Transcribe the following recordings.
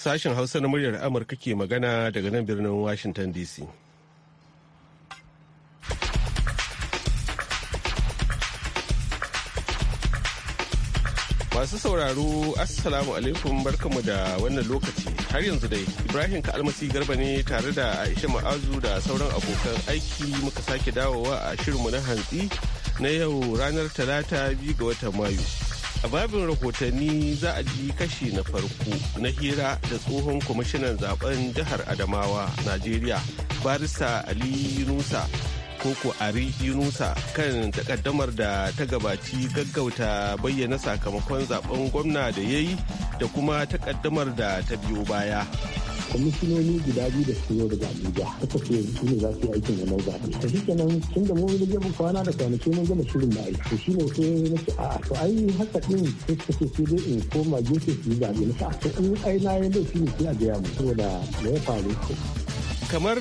Sashen Hausa na muryar Amurka ke magana daga nan birnin Washington DC. Masu sauraro, Assalamu alaikum barkamu da wannan lokaci. Har yanzu dai, Ibrahim kalmasi Garba ne tare da Aisha Ma'azu da sauran abokan aiki muka sake dawowa a shirin mu na hantsi na yau ranar talata biyu ga watan Mayu. a babin rahotanni za a ji kashi na farko na hira da tsohon kwamishinan zaben jihar adamawa najeriya barista ali yunusa koko ari yunusa kan takaddamar da ta gabaci gaggauta bayyana sakamakon zaben gwamna da ya yi da kuma takaddamar da ta biyo baya kwamishinoni guda biyu da suke yau daga abuja suka ce su ne za su yi aikin wannan zaɓe ta shi kenan tun da mun rage mu kwana da kwanaki mun gama shirin da aiki shi ne sai na ce a to ai haka din sai suka ce sai dai in koma gefe su yi zaɓe na ce a to in ai na yi laifi ne sai a gaya mu saboda da ya faru kamar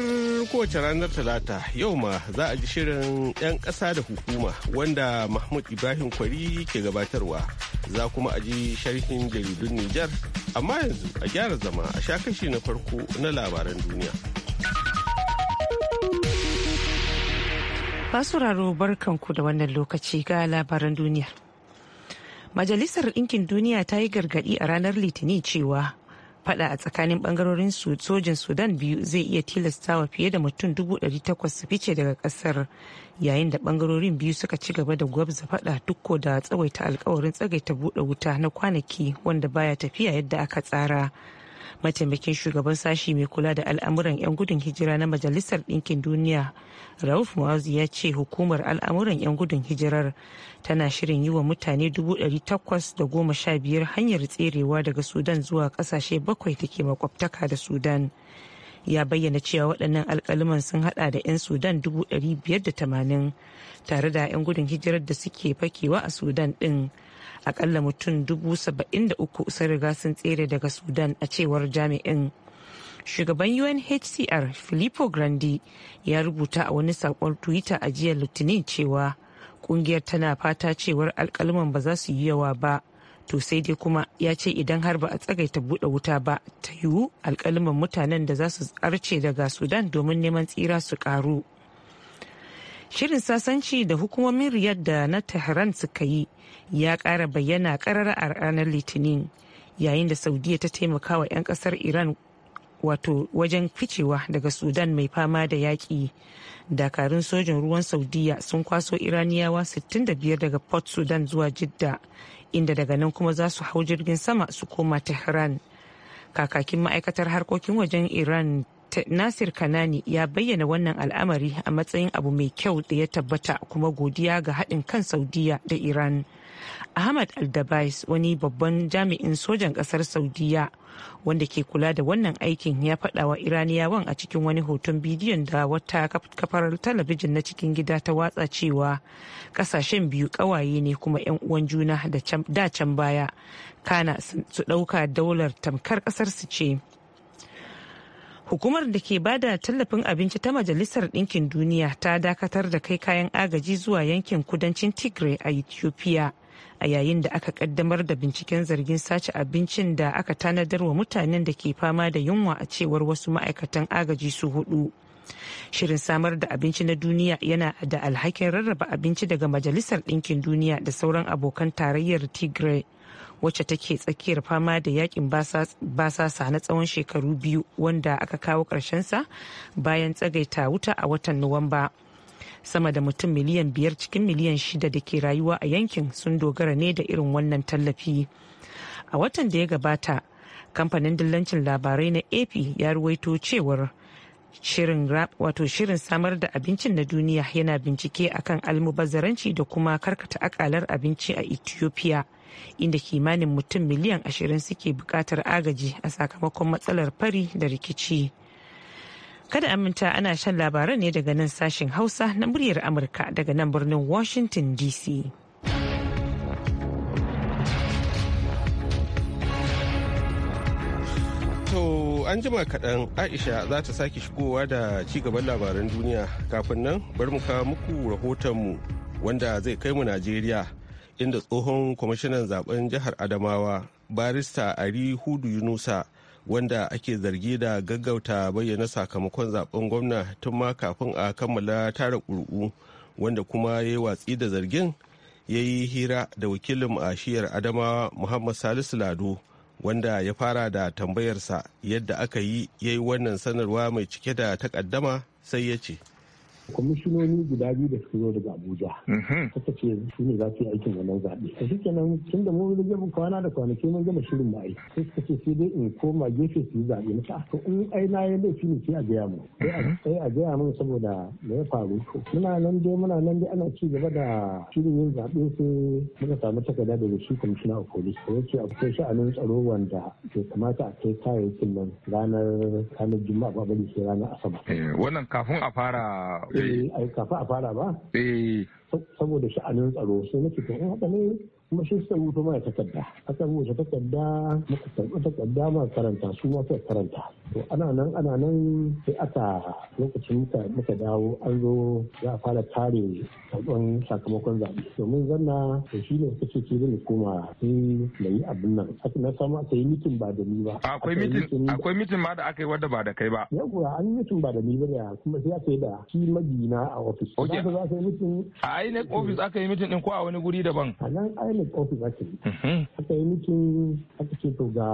kowace ranar talata yau ma za a ji shirin 'yan ƙasa da hukuma wanda mahmud ibrahim kwari ke gabatarwa za kuma a ji sharhin jaridun nijar amma yanzu a gyara zama a sha kashi na farko na labaran duniya basuraro barkanku da wannan lokaci ga labaran duniya majalisar ɗinkin duniya ta yi gargaɗi a ranar litinin cewa faɗa a tsakanin bangarorin su sudan biyu zai iya tilastawa fiye da mutum 800 su fice daga ƙasar yayin da bangarorin biyu suka ci gaba da gwabza fada dukko da tsawaita alkawarin tsagaita buɗe wuta na kwanaki wanda baya tafiya yadda aka tsara mataimakin shugaban sashi mai kula da al'amuran 'yan gudun hijira na majalisar ɗinkin duniya rauf muazu ya ce hukumar al'amuran 'yan gudun hijirar tana shirin yi wa mutane 815 hanyar tserewa daga sudan zuwa ƙasashe bakwai da ke makwabtaka da sudan ya bayyana cewa waɗannan alkaliman sun hada da 'yan sudan 580 tare da 'yan gudun hijirar da suke fakewa a sudan ɗin. akalla mutum dubu saba'in da uku sun riga sun tsere daga sudan a cewar jami'in shugaban unhcr filippo grandi ya rubuta a wani sakon twitter a jiya litinin cewa kungiyar tana fata cewar alkalman ba za su yi yawa ba to sai dai kuma ya ce idan har ba a tsagaita buɗe wuta ba ta yiwu alkalman mutanen da za su arce daga sudan domin neman tsira su karu shirin sasanci da hukumomin riyadh da na tehran suka yi ya kara bayyana karara a ranar litinin yayin da saudiya ta taimaka wa 'yan kasar iran wato wajen ficewa daga sudan mai fama da yaƙi dakarun sojin ruwan saudiya sun kwaso iraniyawa 65 daga port sudan zuwa jidda inda daga nan kuma za su hau jirgin sama su koma tehran kakakin ma'aikatar harkokin wajen iran nasir kanani ya bayyana wannan al'amari a matsayin abu mai kyau da ya tabbata kuma godiya ga haɗin kan saudiya da iran ahmad aldabais wani babban jami'in sojan ƙasar saudiya wanda ke kula da wannan aikin ya faɗa wa iraniyawan a cikin wani hoton bidiyon da wata kafar talabijin na cikin gida ta watsa cewa ƙasashen biyu ƙawaye ne kuma 'yan uwan juna da can baya kana su ɗauka daular tamkar ƙasarsu ce hukumar da ke ba da tallafin abinci ta majalisar ɗinkin duniya ta dakatar da kai kayan agaji zuwa yankin kudancin tigray a ethiopia a yayin da aka kaddamar da binciken zargin sace abincin da aka tanadar wa mutanen da ke fama da yunwa a cewar wasu ma'aikatan agaji su hudu shirin samar da abinci na duniya yana da alhakin rarraba abinci daga majalisar ɗinkin duniya da sauran abokan tarayyar tigray wacce take tsakiyar fama da yakin basasa na tsawon shekaru biyu wanda aka kawo sa bayan tsagaita wuta a watan nuwamba sama da mutum miliyan biyar cikin miliyan shida da ke rayuwa a yankin sun dogara ne da irin wannan tallafi a watan da ya gabata kamfanin dillancin labarai na ap ya ruwaito cewar shirin wato shirin samar da abincin na duniya yana bincike akan almubazzaranci da kuma karkata akalar abinci a ethiopia inda kimanin mutum miliyan ashirin suke bukatar agaji a sakamakon matsalar fari da rikici kada aminta ana shan labaran ne daga nan sashen hausa na muryar amurka daga nan birnin washington dc to an jima kaɗan Aisha za ta sake shigowa da ci gaban labaran duniya kafin nan bari mu kawo muku rahotonmu wanda zai kai mu Najeriya inda tsohon kwamishinan zaben jihar Adamawa barista Ari Hudu Yunusa wanda ake zargi da gaggauta bayyana sakamakon zaben gwamna tun ma kafin a kammala tara ƙuri'u wanda kuma ya yi watsi da zargin ya yi hira da wakilin a shiyar Adamawa Muhammad Salisu Lado. wanda ya fara da tambayarsa yadda aka yi ya yi wannan sanarwa mai cike da takaddama sai ya ce kwamishinoni guda biyu da suka zo daga abuja mhm. suka ce su ne za su yi aikin wannan zaɓe da shi kenan tun da mun rage kwana da kwanaki mun gama shirin ai sai suka ce sai dai in koma gefe su yi zaɓe na ah, ta in ai na yi laifi ne sai a gaya mu mhm. sai a gaya mu saboda me ya faru muna nan dai muna nan dai ana ci gaba da shirin yin zaɓe sai muka samu takarda daga shi kwamishina a polis da yake akwai sha'anin tsaro wanda ke kamata a kai kayayyakin nan ranar kanar juma'a ba bane sai ranar asabar. Eh, wannan kafin a fara Eh. Aikafa a fara ba eh. saboda sha'anin tsaro sai nake to in eh, kuma shi suka rubuta mana takarda aka rubuta takarda muka karɓi takarda ma karanta su ma suka karanta to ana nan ana nan sai aka lokacin muka muka dawo an zo za a fara tare karɓan sakamakon zaɓe domin zanna to shi ne suka ce ke zai koma sai na yi abin nan na samu aka yi mitin ba da ni ba ah, akwai mitin akwai mitin ma da aka yi wadda ba da kai ba yawwa an yi mitin ba da ni ba da kuma sai aka yi da shi magina a ofis ok za su yi mitin a ainihin ofis aka yi mitin din ko a wani guri daban a nan senate office ake yi mhm. aka yi mitin aka ce to ga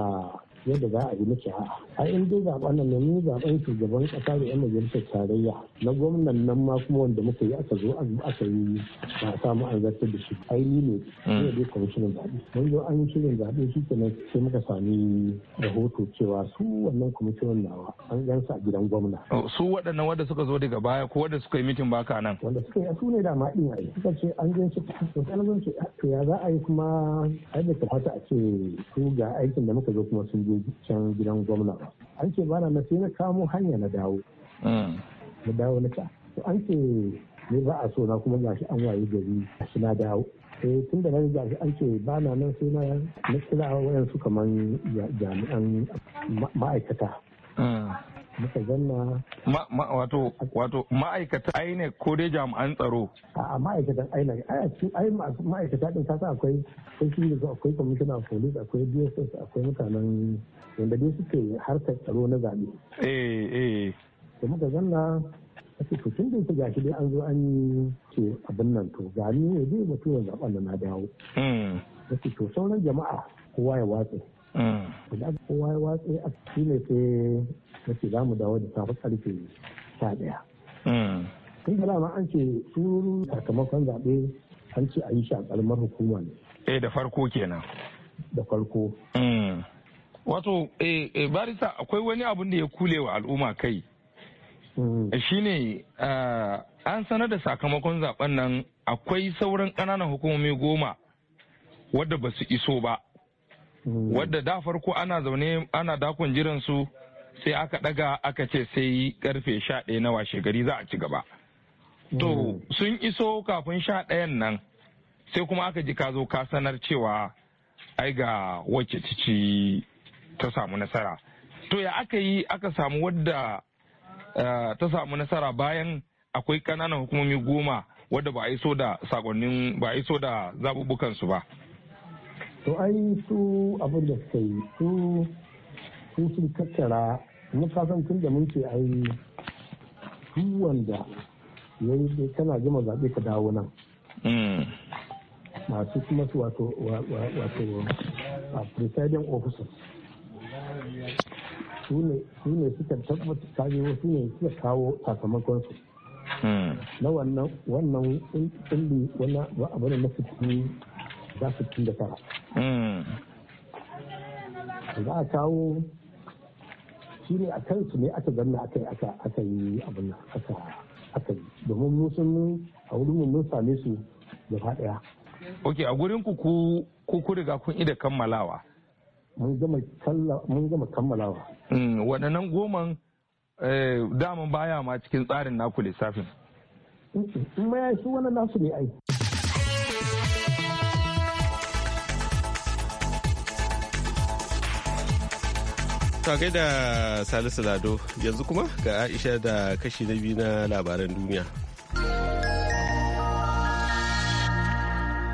yadda za a yi miki a'a a in dai zaɓa nan mun zaben shugaban kasa da yan majalisar tarayya na gwamnan nan ma kuma wanda muka yi aka zo aka yi ba a samu an zartar da shi aini ne zai dai kwamishinan zaɓe mun zo an yi shirin zaɓe shi kenan sai muka sami rahoto cewa su wannan kwamishinan nawa an gansa a gidan gwamna. su waɗannan wanda suka zo daga baya ko wanda suka yi mitin baka nan. wanda suka yi su ne da ma ɗin ayi suka ce an gansu to zan ce to ya za a yi kuma ai da kamata a ce su ga aikin da muka zo kuma sun je je can gidan gwamna ba an ce ba na sai na kamo hanya na dawo mm. na dawo na ta to an ce ni ba a so na kuma shi an waye gari shi na dawo eh tun da nan gashi an ce ba na nan sai na na kira su kaman jami'an ma'aikata mm. muka zanna wato wato ma'aikata INEC ko dai jami'an tsaro a ma'aikatan INEC ai ma'aikata din kasa akwai sai shi da akwai commissioner of police akwai DSS akwai mutanen wanda dai suke harkar tsaro na zabe eh eh to muka zanna ake to tun da yake gashi dai an zo an yi ke abin nan to ga ni ne dai mutuwar zaɓen da na dawo yake hmm. to sauran jama'a kowa ya watse hmm. kowa ya watse a shi ne sai ta ce za mu dawo da safe karfe sha ɗaya. Hmm. Tun da dama an ce su sakamakon zaɓe an ce a yi shi a ƙaramar hukuma ne. Eh da farko kenan. Da farko. Hmm. Wato eh, eh barisa akwai wani abun da ya kule wa al'umma kai. Hmm. Shi ne ah, an sanar da sakamakon zaben nan akwai sauran ƙananan hukumomi goma wadda ba su iso ba wadda da farko ana zaune ana dakon jiran su sai aka daga aka ce sai karfe sha ɗaya na washe gari za a ci gaba to hmm. sun iso kafin sha ɗayan nan sai kuma aka ji ka zo ka sanar cewa ai ga wacce ci ta samu nasara to ya aka yi aka samu wadda eh, ta samu nasara bayan akwai ƙananan hukumomi goma wadda ba a iso da sakonnin ba a iso da zaɓuɓɓukansu ba to ai su abin da suka yi su sun tattara na fasan tun da mun ce ai duk wanda yayi kana gama zaɓe ka dawo nan hmm. masu kuma su wato wato A presiding officers su ne suka tabbata kaje su ne suka kawo sakamakon su hmm. na wannan wannan kulli wani abu da na fitini za su tun da tara hmm. za a kawo ne a kansu ne aka zanna aka yi aka yi abin nan aka yi domin mu sun a wurin mun same su da faɗiya. ok a gurin ku ku ku riga kun ida kammalawa mun gama kammalawa hmm, waɗannan goman eh, daman baya ma cikin tsarin naku lissafin in ma ya shi wani nasu ne ai ta da salisu lado yanzu kuma ga aisha da kashi na biyu na labaran duniya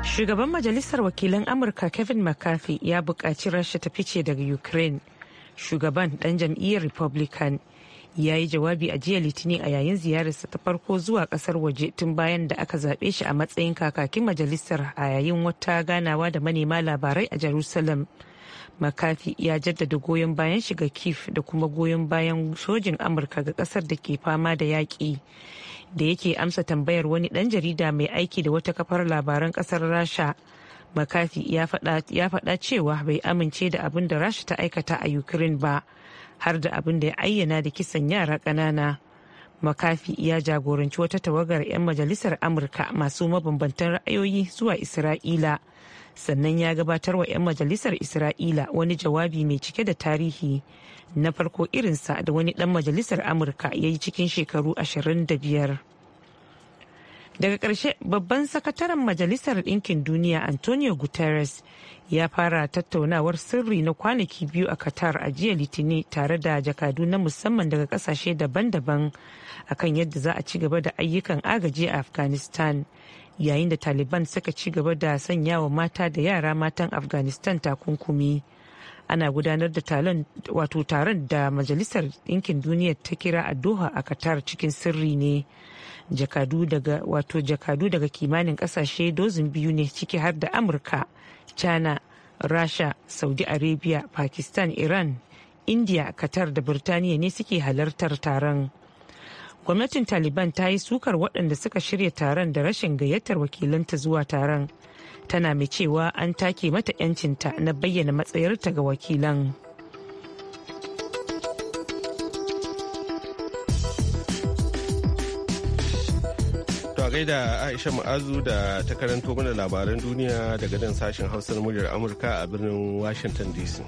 shugaban majalisar wakilan amurka kevin mccarthy ya buƙaci rasha ta fice daga ukraine shugaban ɗan jam'iyyar republican ya yi jawabi a jiya litinin a yayin ziyararsa ta farko zuwa ƙasar waje tun bayan da aka zaɓe shi a matsayin kakakin majalisar a yayin wata ganawa da manema labarai a jerusalem makafi ya jaddada goyon bayan shiga kif da kuma goyon bayan sojin amurka ga kasar da ke fama da yaƙi da yake amsa tambayar wani ɗan jarida mai aiki da wata kafar labaran ƙasar rasha makafi ya faɗa cewa bai amince da abin da rasha ta aikata a ukraine ba har da abin da ya ayyana da kisan yara ƙanana makafi ya jagoranci wata tawagar 'yan majalisar amurka masu mabambantan ra'ayoyi zuwa isra'ila sannan ya gabatar wa 'yan majalisar isra'ila wani jawabi mai cike da tarihi na farko irinsa da wani dan majalisar amurka ya yi cikin shekaru 25 daga ƙarshe babban sakataren majalisar ɗinkin duniya antonio guterres ya fara tattaunawar sirri na kwanaki biyu a qatar a jiya litinin tare da jakadu na musamman daga ƙasashe daban-daban akan yadda za a ci gaba da ayyukan agaji a afghanistan yayin da taliban suka ci gaba da sanya wa mata da yara matan afghanistan takunkumi ana gudanar da wato taron da majalisar ɗinkin duniya ta kira a doha a qatar cikin sirri ne jakadu daga wato jakadu daga kimanin ƙasashe dozin biyu ne ciki har da amurka china rasha saudi arabia pakistan iran india qatar da birtaniya ne suke halartar taron gwamnatin taliban ta yi sukar waɗanda suka shirya taron da rashin gayyatar wakilanta zuwa taron tana mai cewa an take mata 'yancinta na bayyana matsayarta ga wakilan. da Aisha Ma'azu da ta karanto mana labaran duniya daga nan sashen hausar muryar Amurka a birnin Washington DC.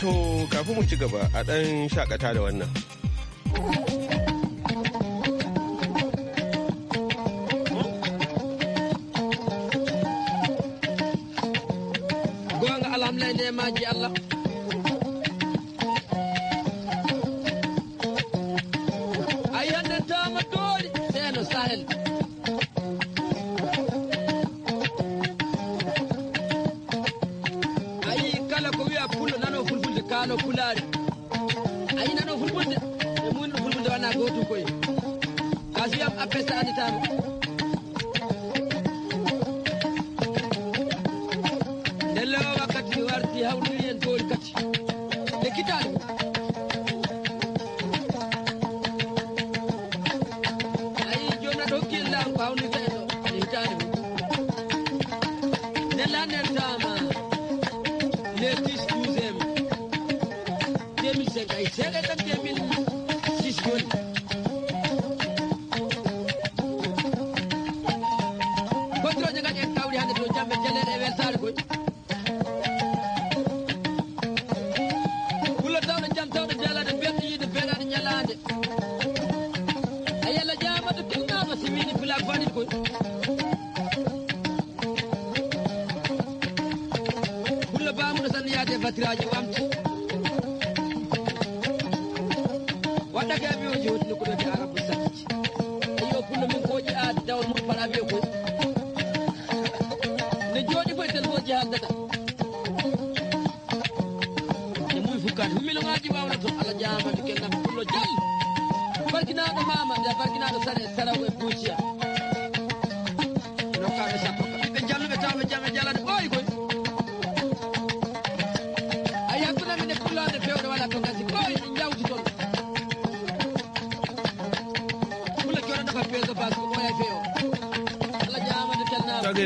To kafin mu ci gaba a ɗan shakata da wannan. Gwan alhamdulillah ne ma ji Allah. koy kasiya apesta aditano kan milongaji wawna to allah jamani kellam mama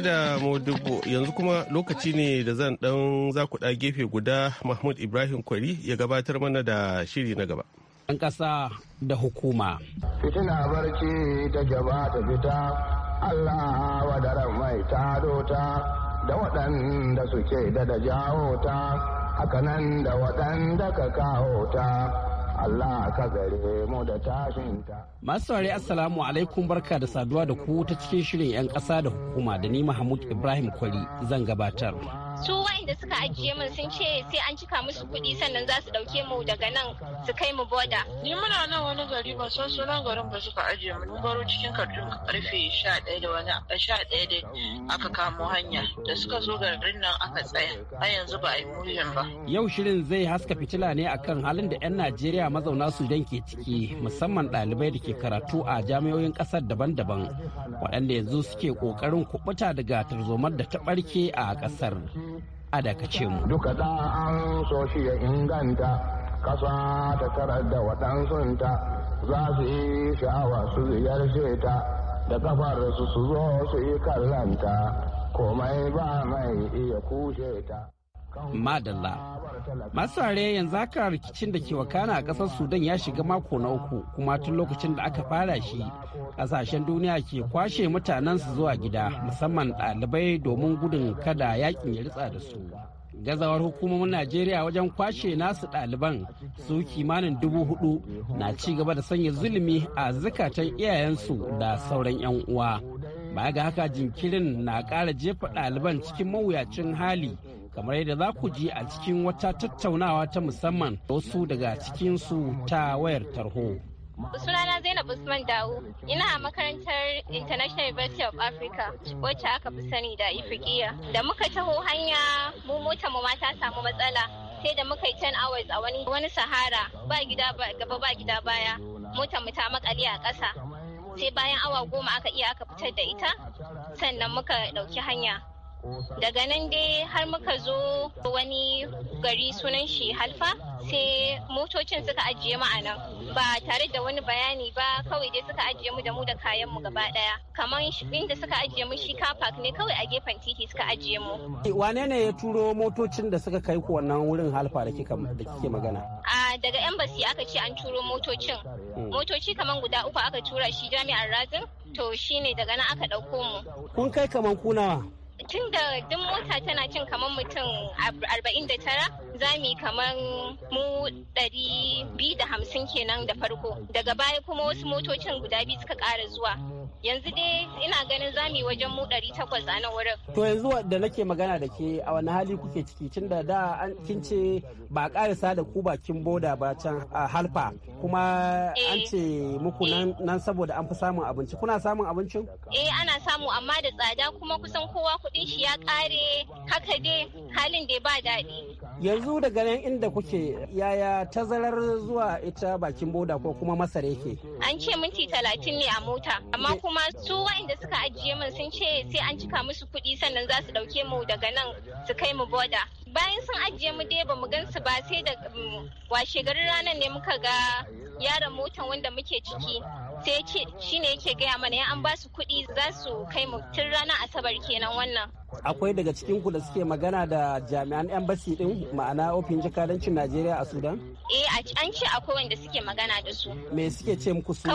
da dubu yanzu kuma lokaci ne da zan dan zakuɗa gefe guda Mahmud Ibrahim Kwari ya gabatar mana da shiri na gaba. Ɗan ƙasa da hukuma. Fitina barci ta gaba ta fita, Allah wadaran mai ta da waɗanda suke da da jawo ta, hakanan da waɗanda ka kawo ta. Allah ka gare mu da tashinta. Masu saurari Assalamu alaikum barka da saduwa da ku ta cikin shirin 'yan ƙasa da hukuma da ni Mahmud Ibrahim Kwari zan gabatar. su wa'inda suka ajiye mu sun ce sai an cika musu kuɗi sannan za su ɗauke mu daga nan su kai mu boda. Ni muna nan wani gari ba san sunan garin ba suka ajiye mu mun baro cikin kartun karfe sha ɗaya da wani sha ɗaya da aka kamo hanya da suka zo garin nan aka tsaya a yanzu ba a yi muhin ba. Yau shirin zai haska fitila ne akan halin da 'yan Najeriya mazauna Sudan ke ciki musamman ɗalibai da ke karatu a jami'oyin ƙasar daban-daban waɗanda yanzu suke ƙoƙarin kuɓuta daga tarzomar da ta ɓarke a ƙasar. a dakace mu. Duka da an so shi ya inganta kasa ta tarar da waɗansunta za su yi sha'awa su ziyarce ta da kafar su su zo su yi kallanta komai ba mai iya kushe ta. Madalla. Masare yanzu haka rikicin da ke wakana a ƙasar Sudan ya shiga mako na uku kuma tun lokacin da aka fara shi ƙasashen duniya ke kwashe mutanensu zuwa gida musamman ɗalibai domin gudun kada yakin ya ritsa da su. gazawar hukumomin najeriya wajen kwashe nasu ɗaliban su kimanin dubu hudu na ci gaba da sanya zulumi a zukatan iyayensu da sauran 'yan uwa baya ga haka jinkirin na ƙara jefa ɗaliban cikin mawuyacin hali kamar yadda za ku ji a cikin wata tattaunawa ta musamman wasu daga cikinsu ta wayar tarho. Sunana Zainab Usman Dawo, ina a makarantar International University of Africa wacce aka fi sani da Ifriqiya. Da muka taho hanya mu mota mu ma samu matsala sai da muka yi 10 hours a wani wani sahara ba gida gaba ba gida baya mota mu ta makali a ƙasa. Sai bayan awa goma aka iya aka fitar da ita sannan muka ɗauki hanya daga nan dai har muka zo wani gari sunan shi halfa sai motocin suka ajiye mu a nan ba tare da wani bayani ba kawai dai suka ajiye mu da mu da kayan mu gaba daya kamar inda suka ajiye mu shi car park ne kawai a gefen titi suka ajiye mu wane ne ya turo motocin da suka kai ku wannan wurin halfa da kike magana a daga embassy aka ce an turo motocin hmm. motoci kamar guda uku aka tura shi jami'an razin to shine daga nan aka dauko mu kun kai kamar kuna? tun da duk mota tana cin kamar mutum arba'in da tara za mu yi kamar mu ɗari biyu da hamsin kenan da farko daga baya kuma wasu motocin guda biyu suka ƙara zuwa yanzu dai ina ganin zami wajen mu ɗari takwas a nan wurin. To yanzu da nake magana da ke a wani hali kuke ciki tun da da an kin ce ba a ƙarisa da ku bakin boda ba can a halfa kuma eh. an ce muku eh. nan saboda an fi samun abinci kuna samun abincin? Eh ana samu amma da tsada kuma kusan kowa kuɗin shi ya kare haka dai halin da ba daɗi. Yanzu daga nan inda kuke yaya tazarar zuwa ita bakin boda ko kuma masara yake? An ce minti talatin ne a mota amma kuma kuma su wa'inda suka ajiye min sun ce sai an cika musu kuɗi sannan za su ɗauke mu daga nan su kai mu boda bayan sun ajiye mu dai ba mu gan ba sai da mm, washe garin ranar ne muka ga yaron motan wanda muke ciki sai shi ne yake gaya mana ya an ba su kuɗi za su kai mu tun ranar asabar kenan wannan akwai daga cikin ku da suke magana da jami'an embassy din ma'ana ofin jakadancin najeriya a sudan eh an ce akwai wanda suke magana da su me suke ce muku su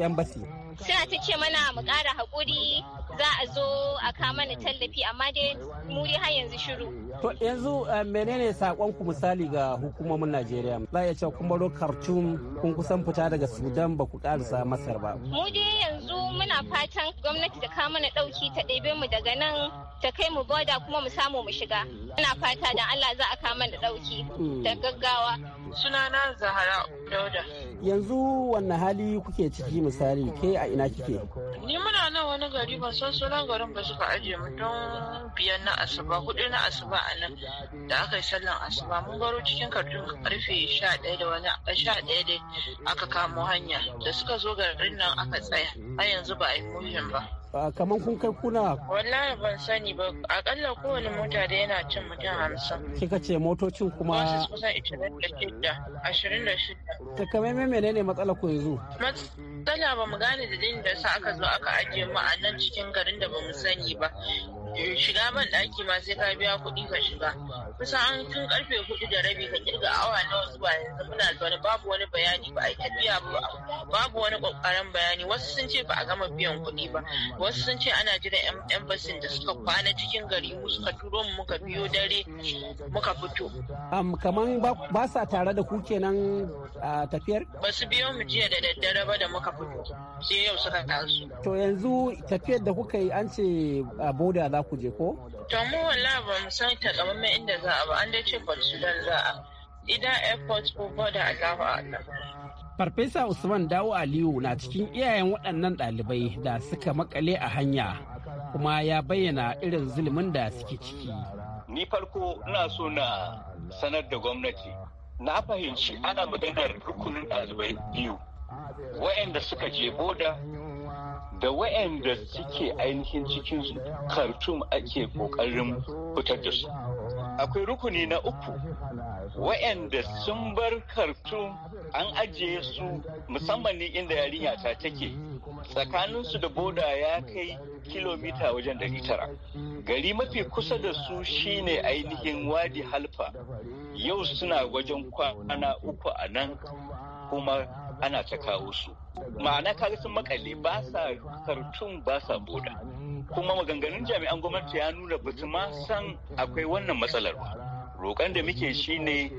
embassy suna ta ce mana mu ƙara haƙuri za a zo a kama mana tallafi amma dai mu dai har yanzu shiru. To yanzu eh, menene sakon ku misali ga hukumomin Najeriya? Za iya cewa kun baro Khartoum kun kusan fita daga Sudan ba ku ƙarisa Masar ba. Mu dai yanzu muna fatan gwamnati ta kawo mana ɗauki ta ɗebe mu daga nan ta kai mu boda kuma mu samu mu shiga. Muna fata da Allah za a kawo mana ɗauki mm. da gaggawa. Sunana Zahara Dauda. yanzu wannan hali kuke ciki misali ke a ina kike ni muna nan wani gari ba san sunan garin ba suka ajiye mu don biyan na asuba hudu na asuba a nan da aka yi sallan asuba mun baro cikin kartun karfe sha ɗaya da wani sha ɗaya aka kamo hanya da suka zo garin nan aka tsaya a yanzu ba a yi kofin ba Ah, kamar kun kai kuna wallahi ban sani ba akalla kowane mota da yana cin mutum hamsin kika ce motocin kuma ashirin da shida mai menene matsala ku yanzu matsala ba mu gane da da sa aka zo aka ajiye mu a nan cikin garin da ba mu sani ba shiga man ɗaki ma sai ka biya kuɗi ka shiga Kusa an tun karfe hudu da rabi ka kirga awa nawa zuwa yanzu muna zaune babu wani bayani ba a tafiya ba babu wani kokarin bayani wasu sun ce ba a gama biyan kuɗi ba wasu sun ce ana jira yan basin da suka kwana cikin gari mu suka turo mu muka biyo dare muka fito. am kaman ba sa tare da ku kenan tafiyar. ba su biyo mu jiya da daddare ba da muka fito sai yau suka taso. to yanzu tafiyar da kuka yi an ce boda za za ku je ko? To mu wala ba mu san inda za a ba an dai ce Port Sudan za a. Idan airport ko border Allah. Farfesa Usman Dawo Aliyu na cikin iyayen waɗannan ɗalibai da suka makale a hanya kuma ya bayyana irin zulumin da suke ciki. Ni farko ina so na sanar da gwamnati. Na fahimci ana maganar rukunin ɗalibai biyu waɗanda suka je boda da waɗanda suke ainihin cikin kartun ake ƙoƙarin fitar da su akwai rukuni na uku waɗanda sun bar kartun an ajiye su musamman ne inda yarinya ta take tsakaninsu da boda ya kai kilomita wajen 900 gari mafi kusa da su shine ainihin wadi halfa yau suna wajen kwana uku a nan kuma ana ta kawo su ma'ana kaga sun makalle ba sa kartun ba sa boda kuma maganganun jami'an gwamnati ya nuna ba su ma san akwai wannan matsalar ba roƙon da muke shi ne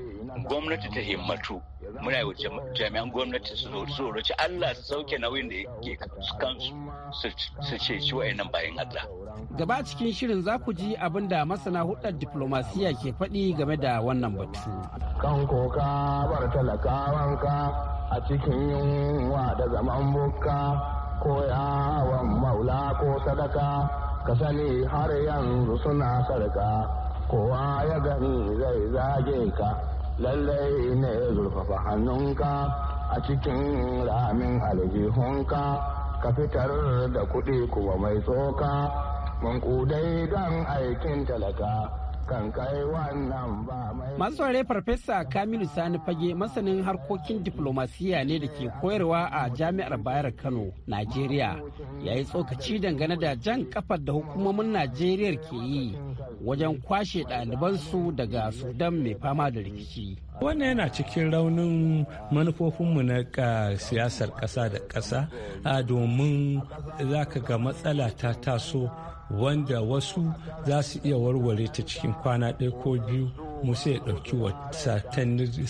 gwamnati ta himmatu muna yi jami'an gwamnati su roci Allah su sauke nauyin da yake kansu su ce shi wa'annan bayan Allah. Gaba cikin shirin za ku ji abin da masana hudar diplomasiya ke faɗi game da wannan batu. Kan koka bar talakawanka a cikin yunwa da zaman bukka ko yawon maula ko sadaka ka sani har yanzu suna sarka kowa ya gani zai zage ka lallai ne zurfafa hannunka a cikin ramin aljihunka ka fitar da kuɗi kuma mai tsoka mankudai don aikin talaka kan kai farfesa kamilu sani fage masanin harkokin diplomasiya ne da ke koyarwa a jami'ar bayar kano nigeria ya yi tsokaci dangane da jan kafar da hukumomin nigeria ke yi wajen kwashe ɗalibansu daga sudan mai fama da rikici wannan yana cikin raunin manufofinmu na siyasar ƙasa da ƙasa domin za ka ga matsala ta taso wanda wasu za su iya warware ta cikin kwana ɗaya ko biyu mu sai ya ɗauki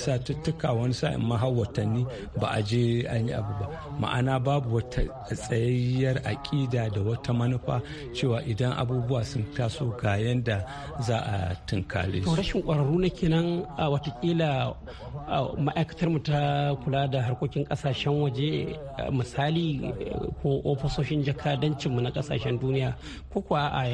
satuttuka wani sa'in ma watanni ba a je an yi abu ba ma'ana babu wata tsayayyar aƙida da wata manufa cewa idan abubuwa sun taso ga yanda za a tunkare su rashin ƙwararru na kenan a watakila ma'aikatar mu ta kula da harkokin ƙasashen waje misali ko ofisoshin jakadancinmu na ƙasashen duniya ko kuwa a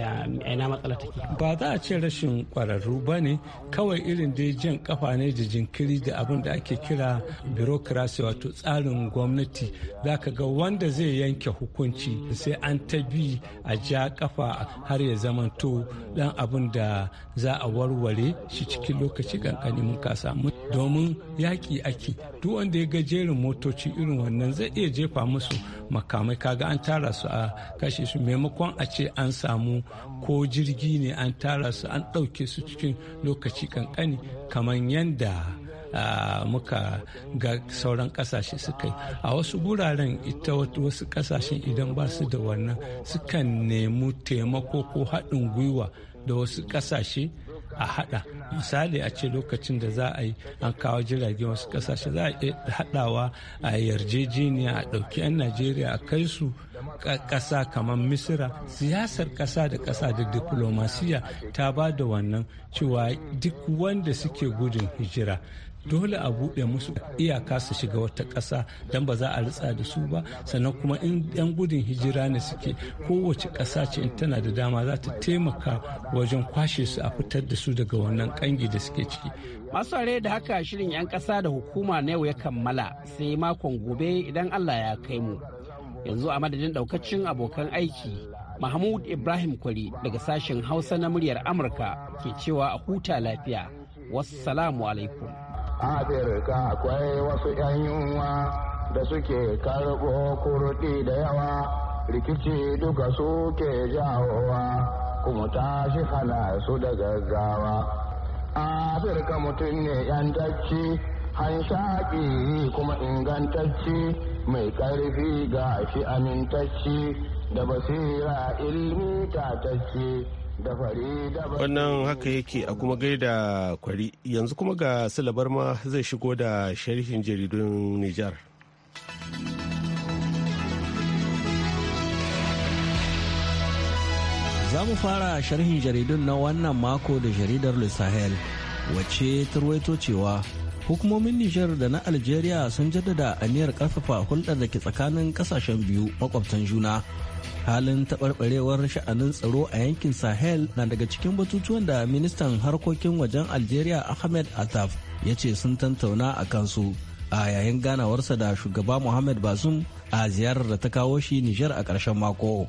ina matsala take ba za a ce rashin ƙwararru ba ne kawai kawai irin dai jan kafa ne da jinkiri da abin da ake kira bureaucracy wato tsarin gwamnati za ka ga wanda zai yanke hukunci sai an ta bi a ja kafa har ya zamanto dan abin da za a warware shi cikin lokaci kankani mun ka samu domin yaƙi ake duk wanda ya ga jerin motoci irin wannan zai iya jefa musu makamai kaga an tara su a kashe su maimakon a ce an samu ko jirgi ne an tara su an ɗauke su cikin lokaci kankani kamar yadda muka ga sauran kasashe suka yi a wasu guraren ita wasu kasashen idan ba su da wannan sukan nemi taimako ko haɗin gwiwa da wasu ƙasashe a haɗa misali a ce lokacin da za a yi an kawo jiragen wasu kasashe za a haɗawa a yarjejeniya a ɗauki 'yan najeriya a kai su kasa kamar misira siyasar kasa da kasa da diplomasiya ta ba da wannan cewa duk wanda suke gudun hijira dole a buɗe musu iyaka su shiga wata ƙasa don ba za a ritsa da su ba sannan kuma in 'yan gudun hijira ne suke kowace ƙasa ce in tana da dama za ta taimaka wajen kwashe su a fitar da su daga wannan ƙangi da suke ciki masu da haka shirin 'yan ƙasa da hukuma na yau ya kammala sai makon gobe idan allah ya kai mu yanzu a madadin daukacin abokan aiki mahmud ibrahim kwari daga sashen hausa na muryar amurka ke cewa a huta lafiya wassalamu alaikum afirka akwai wasu 'yan yunwa da suke karɓo kurɗi da yawa rikici duka suke jawowa kuma shi hana su da gaggawa afirka mutum ne 'yan tacci hanshaki kuma ingantacci mai ƙarfi ga shi amintacci da basira ilmi tatacce da fari da wannan haka yake a kuma gaida kwari yanzu kuma ga silabar ma zai shigo da sharhin jaridun Nijar. Za mu fara sharhin jaridun na wannan mako da jaridar Le Sahel wace ta cewa hukumomin nijar da na algeria sun jaddada aniyar karfafa hulɗar da ke tsakanin kasashen biyu makwabtan juna halin taɓarɓarewar sha'anin tsaro a yankin sahel na daga cikin batutuwan da ministan harkokin wajen algeria ahmed ataf ya ce sun tantauna a kansu a yayin ganawarsa da shugaba muhammad bazum a ziyarar da ta kawo shi nijar a ƙarshen mako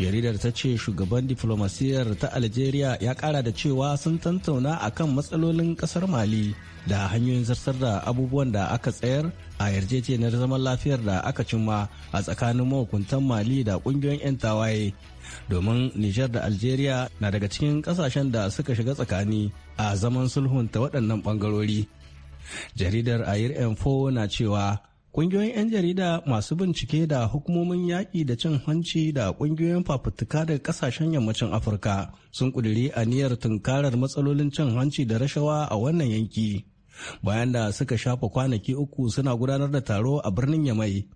jaridar ta ce shugaban diflomasiyyar ta algeria ya kara da cewa sun tantauna akan matsalolin kasar mali da hanyoyin zartar da abubuwan da aka tsayar a yarjejeniyar zaman lafiyar da aka cimma a tsakanin mahukuntan mali da kungiyoyin 'yan tawaye domin nijar da algeria na daga cikin kasashen da suka shiga tsakani a zaman sulhunta waɗannan ɓangarori jaridar ayir na cewa Ƙungiyoyin 'yan jarida masu bincike da hukumomin yaƙi da cin hanci da ƙungiyoyin fafutuka daga ƙasashen yammacin Afirka sun ƙudiri niyyar tunkarar matsalolin cin hanci da rashawa a wannan yanki. Bayan da suka shafa kwanaki uku suna gudanar da taro a birnin Yamai.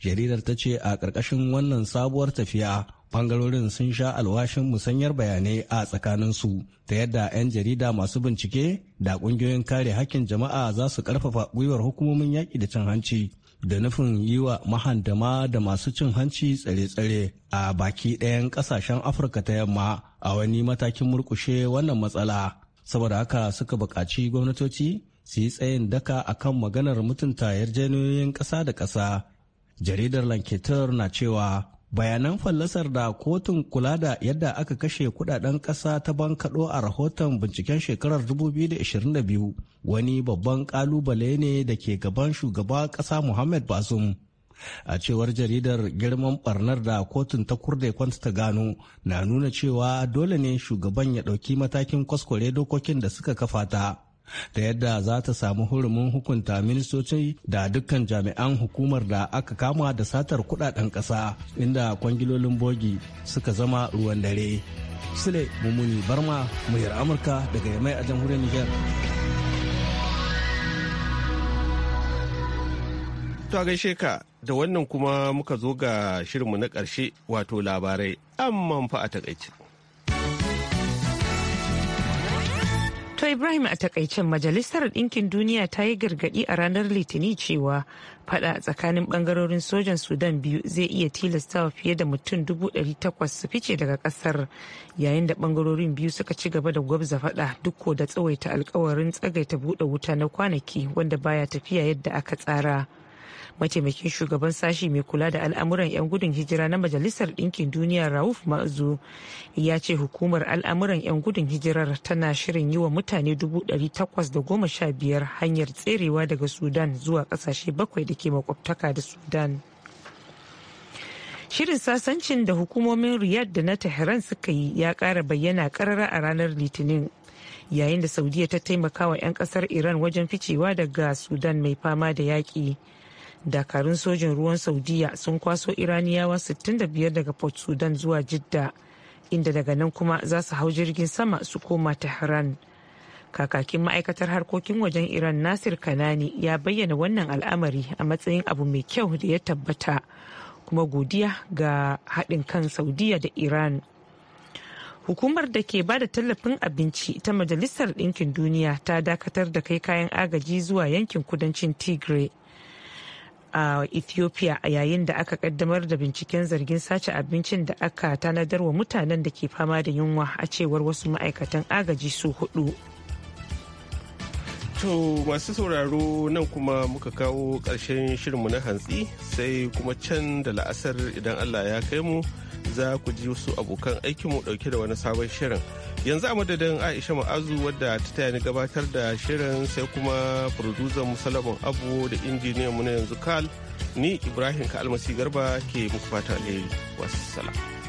Jaridar ta ce a ƙarƙashin wannan sabuwar tafiya bangarorin sun sha alwashin musanyar bayanai a tsakaninsu ta yadda 'yan jarida masu bincike da ƙungiyoyin kare hakkin jama'a za su karfafa gwiwar hukumomin yaƙi da cin hanci da nufin yi wa mahandama da masu cin hanci tsare-tsare a baki ɗayan ƙasashen afirka ta yamma a wani matakin murkushe wannan matsala saboda haka suka buƙaci gwamnatoci su yi tsayin daka akan maganar mutunta yarjejeniyoyin ƙasa da ƙasa jaridar lanketer na cewa bayanan fallasar da kotun kula da yadda aka kashe kudaden ƙasa ta bankaɗo a rahoton binciken shekarar 2022 wani babban ƙalubale ne da ke gaban shugaba ƙasa muhammad bazum a cewar jaridar girman barnar da kotun ta kurde kwanta ta gano na nuna cewa dole ne shugaban ya ɗauki matakin kwaskware dokokin da suka kafa ta da yadda za ta samu hurumin hukunta ministoci da dukkan jami'an hukumar da aka kama da satar kudaden ƙasa inda kwangilolin bogi suka zama ruwan dare. Sule Mumuni Barma, muhir Amurka daga Yamai a jamhuriyar Nijar. Ta gaishe ka da wannan kuma muka zo ga shirinmu na ƙarshe wato labarai amma fa a takaice. To Ibrahim a takaicen Majalisar dinkin Duniya ta yi gargadi a ranar Litinin cewa fada tsakanin bangarorin sojan Sudan biyu zai iya tilastawa fiye da mutum takwas su fice daga kasar yayin da bangarorin biyu suka ci gaba da gwabza fada duk da tsawaita alkawarin tsagaita buɗe wuta na kwanaki wanda baya tafiya yadda aka tsara. mataimakin shugaban sashi mai kula da al'amuran 'yan gudun hijira na majalisar ɗinkin duniya rauf ma'azu ya ce hukumar al'amuran 'yan gudun hijirar tana shirin yi wa mutane 815 hanyar tserewa daga sudan zuwa ƙasashe bakwai da ke makwabtaka da sudan shirin sasancin da hukumomin riyad da na tehran suka yi ya ƙara bayyana ƙarara a ranar litinin yayin da saudiya ta taimaka wa 'yan kasar iran wajen ficewa daga sudan mai fama da yaƙi dakarun sojin ruwan saudiya sun kwaso iraniyawa 65 daga port sudan zuwa jidda inda daga nan kuma za su hau jirgin sama su koma tehran kakakin ma'aikatar harkokin wajen iran nasir kanani ya bayyana wannan al'amari a matsayin abu mai kyau da ya tabbata kuma godiya ga haɗin kan saudiya da iran hukumar da ke ba da tallafin abinci ta majalisar ɗinkin duniya ta dakatar da kai kayan agaji zuwa yankin kudancin tigray a ethiopia a yayin da aka kaddamar da binciken zargin sace abincin da aka tanadar wa mutanen da ke fama da yunwa a cewar wasu ma'aikatan agaji su hudu To masu sauraro nan kuma muka kawo ƙarshen shirinmu na hantsi sai kuma can da la'asar idan Allah ya kai mu za ku ji wasu abokan aikinmu ɗauke da wani sabon shirin. yanzu a madadin aisha ma'azu wadda ta taya ni gabatar da shirin sai kuma producer musalman abu da injiniyan mu na yanzu kal ni ibrahim ka almasi garba ke muku fata alheri wassalam